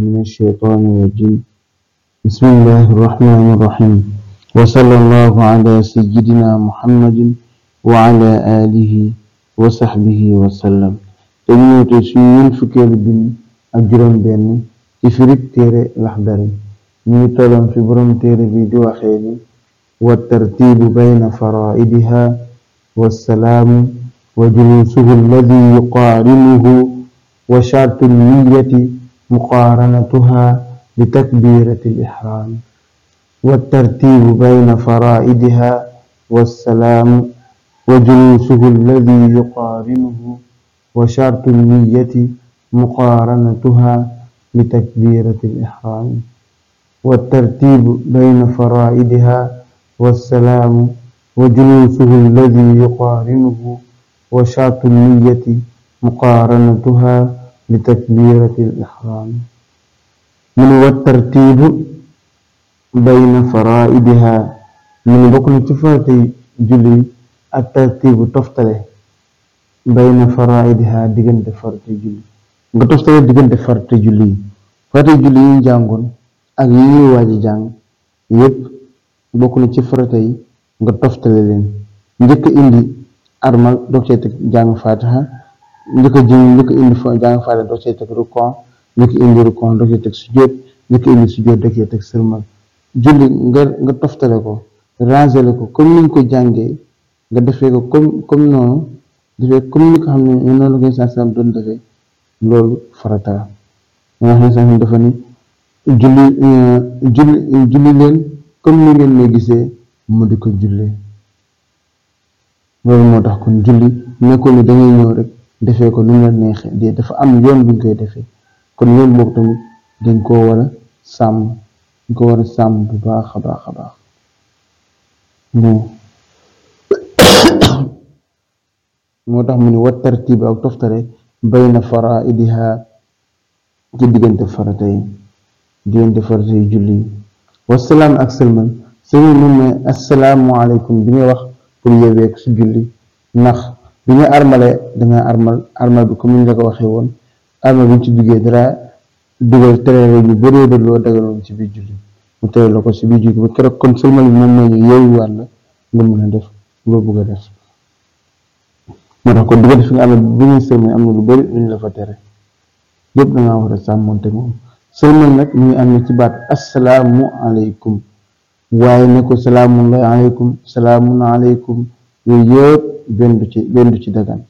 من الشيطان الرجيم بسم الله الرحمن الرحيم وصلى الله على سيدنا محمد وعلى آله وصحبه وسلم dañuy tey suñu ñeent fukkeelu bind ak juróom benn ci firig téere Laxdari ñuy tolloon fi borom téere bi di waxee ni wa tartiibu bayna faraa'idihaa wassalaamu wa juluusuhu alladi yuqaarinuhu wa shartu niyati مقارنتها بتكبيرة الإحرام والترتيب بين فرائدها والسلام وجلوسه الذي يقارنه وشرط النية مقارنتها بتكبيرة الإحرام والترتيب بين فرائدها والسلام وجلوسه الذي يقارنه وشرط النية مقارنتها li takbirati al ihram wa tartiibu bayna faraidiha mu ne bokk na ci faratay julli ak tartiibu toftale bayna faraidiha diggante faratay julli nga toftale diggante faratay julli faratay julli yi jàngoon ak yi ñuy waaji jàng yépp bokk na ci faratay nga toftale leen njëkk indi armal doog jàng fatiha li ko jëm li ko indi fa jàng faale doo cee teg indi rukon doo cee teg teg sërmal julli nga nga toftale ko rangele ko comme ni ko jànge nga defee ko comme comme noonu defee comme ni ko xam ne noonu la koy sànni doon defee loolu farata nga xam ne sànni dafa ni julli euh, julli julli leen comme ni ngeen may gisee mu di ko julli loolu moo tax kon julli nekkul ni dangay ñëw rek. defee ko nu la neexee de dafa am yoon bu ñu koy defee kon yoon boobu tamit dañ koo war a sàmm dañ ko war a sàmm bu baax a baax a baax moo tax mu ne wa tartiib ak toftale bayna faraidiha ci diggante farata yi diggante farata yi julli yi wasalaam ak sëlman sëlman mu ne assalaamu aleykum bi ngay wax pour yeweek su julli ndax bi nga armale danga armal armal bi comme ni ko waxee woon armal ci duggee dara dugal tere ñu bëree bëri loo dagaloon ci biir julli mu tere la ko ci biir julli ba keroog kon sëlmal bi moom mooy ñu yeewu wàll nga mën a def loo bëgg a def moo tax kon dugal fi nga amee bi nga sëlmal am na lu bëri lu ñu la fa tere yëpp da ngaa war a sàmmonte moom sëlmal nag ñu am na ci baat asalaamu aleykum waaye ne ko salaamun aleykum salaamun aleykum yooyu benn du ci benn du ci dagan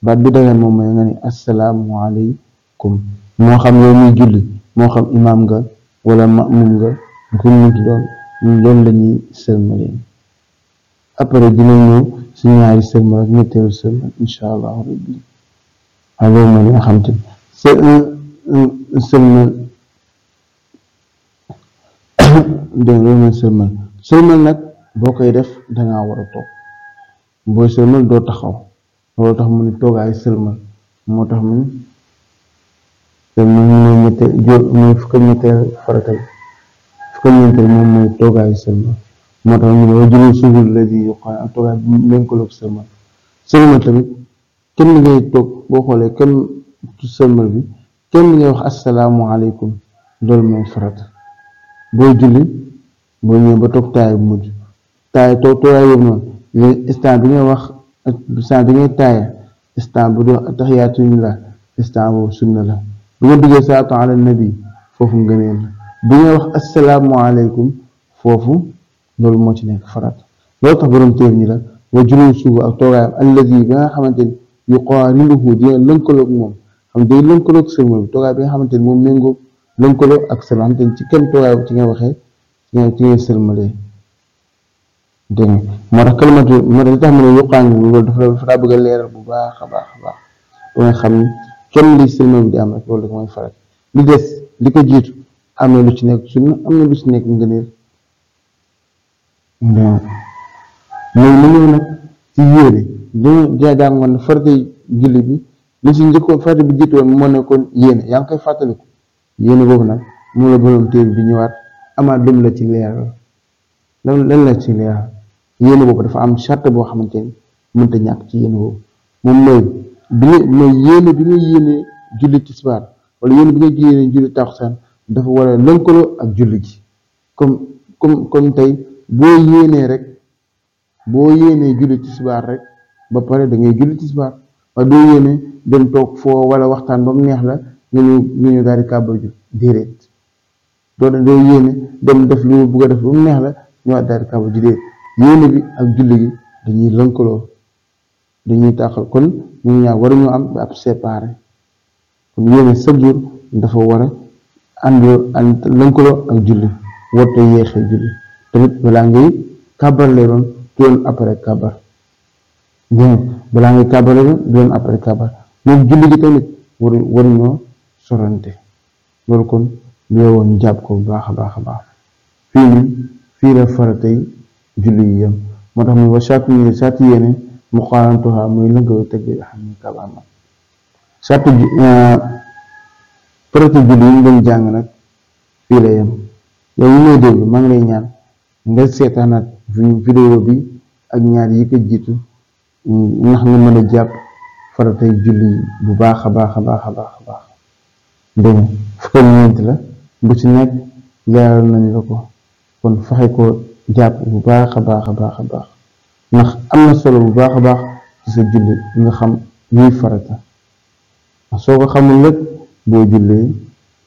baat bi dagan moom mooy nga ne asalaamualeykum moo xam yow muy julli moo xam imaam nga wala ma'mum nga ku mu doon loolu la ñuy sëlmalee après dina ñëw si ñaari sëlmal ak ñetteelu sëlmal incha allahu rabbi waaye loolu mooy li nga xam euh, euh, nag boo koy def dangaa war a toog booy sëlmal doo taxaw loolu tax mu ne toogaayu sëlmal moo tax mu ne sëlmal mooy ñette jur mooy fukk ñetteel farata bi fukk ñeenteel moom sëlmal moo tax mu ne waa jëlul suuful la di yokk ak toogaay bi lënkaloog sëlmal sëlmal tamit kenn ngay toog boo xoolee kenn sëlmal bi kenn ngay wax asalaamualeykum loolu mooy farata booy julli boo ñëwee ba toog taay bu mujj taay toog toogaay yooyu noonu instant bi nga wax instant bi ngay taaya instant bu doon taxiyaatuñ la instant boobu sunna la bu nga duggee salaatu ala nabi foofu bi nga wax asalaamualeykum foofu loolu moo ci nekk farat loolu tax borom téer ñi la wa juróom suba ak toogaayam allazi ba nga xamante ni yuqaarinuhu dina lënkaloog moom xam day lënkaloog sërmal bi toogaay bi nga xamante ni moom méngoo lënkaloog ak sërmal xamante ni ci kenn toogaay ci nga waxee ci ngay sërmalee dégg nga moo tax kalimatu moo tax li yuqaan bi loolu dafa dafa bëgg leeral bu baax a baax a baax ba nga xam ne kenn li sëlma bi di am rek loolu rek mooy farat li des li ko jiitu am na lu ci nekk sunna am lu ci nekk ngëneel mais lu ñëw ci yéene dañu bi li ci njëkkoon farata bi jiitu nekkoon yéene yaa ngi koy fàttaliku yéene boobu nag moom la borom téere bi ñëwaat amaat dum la ci leeral la lan la ci leeral yéene boobu dafa am charte boo xamante ni mënta ñàkk ci yéene boobu moom mooy bi nga mooy yéene bi nga yéene julli tisbaar wala yéene bi nga yéene julli dafa war a lënkaloo ak julli ji comme comme comme tey boo yéenee rek boo yéenee julli tisbaar rek ba pare da ngay ci tisbaar waaye doo yéene dem toog foo wala waxtaan ba mu neex la nga ñu nga ñu daal di kàbba déedéet doo doo yéene dem def lu bugg a def ba mu neex la ñëwaat daal di kàbba déedéet yéene bi ak julli gi dañuy lënkaloo dañuy tàqal kon ñu ñaar waruñoo am ab séparé kon yéene chaque dafa war a àndoo ànd lënkaloo ak julli warta yéexee julli tamit balaa ngay kàbbar lay doon doon après kàbbar dégg doon après kàbbar moom julli gi tamit waru waruñoo sorante loolu kon lu jàpp ko bu baax a baax a baax fii nii fii la faratay julli yi yam moo tax muy wa shartu niyya shartu yéene mu xaarantuha muy lëngawu teg bi xam ne kabaama shartu euh, përëtu julli yi ñu jàng nag fii la yam yow yi dégg maa ngi lay ñaan nga seetaanaat vidéo bi ak ñaar yi ko jiitu ndax nga mën a jàpp faratay julli bu baax a baax a baax a baax a baax dégg fukk ñeent la bu ci nekk leeral nañ la ko kon fexe ko jàpp bu baax a baax a baax a baax ndax am na solo bu baax a baax ci sa julli nga xam ñuy farata soo ko xamul rek boo jullee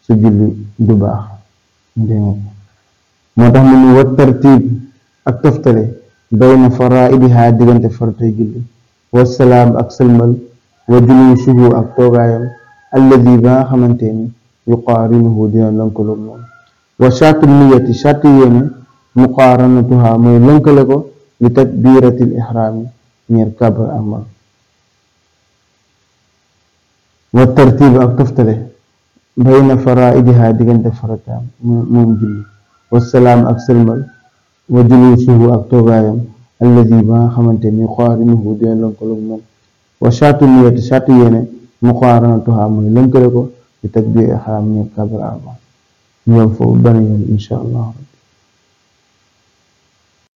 sa julli du baax moo tax mu ne wa tartiib ak toftale bayna faraa'idihaa diggante faratay julli wa salaam ak sëlmal wa juluusuhu ak toogaayam alladi ba nga xamante ni yuqaarinuhu dina lënkaloog moom wa shaatu niyati shaatu yéene muqaaranatuha mooy lënkale ko li takbiratil ihraami ñeer kàbbar amal wa tartiib ak toftale bayna faraidiha diggante farataam moom julli wa salaam ak sëlmal wa julusuhu ak toogaayam alladi ba nga xamante ni yuqaarinuhu dina lënkale ko li takbir ihraam ñeer kàbbar amal ñoom foofu benn yoon incha allah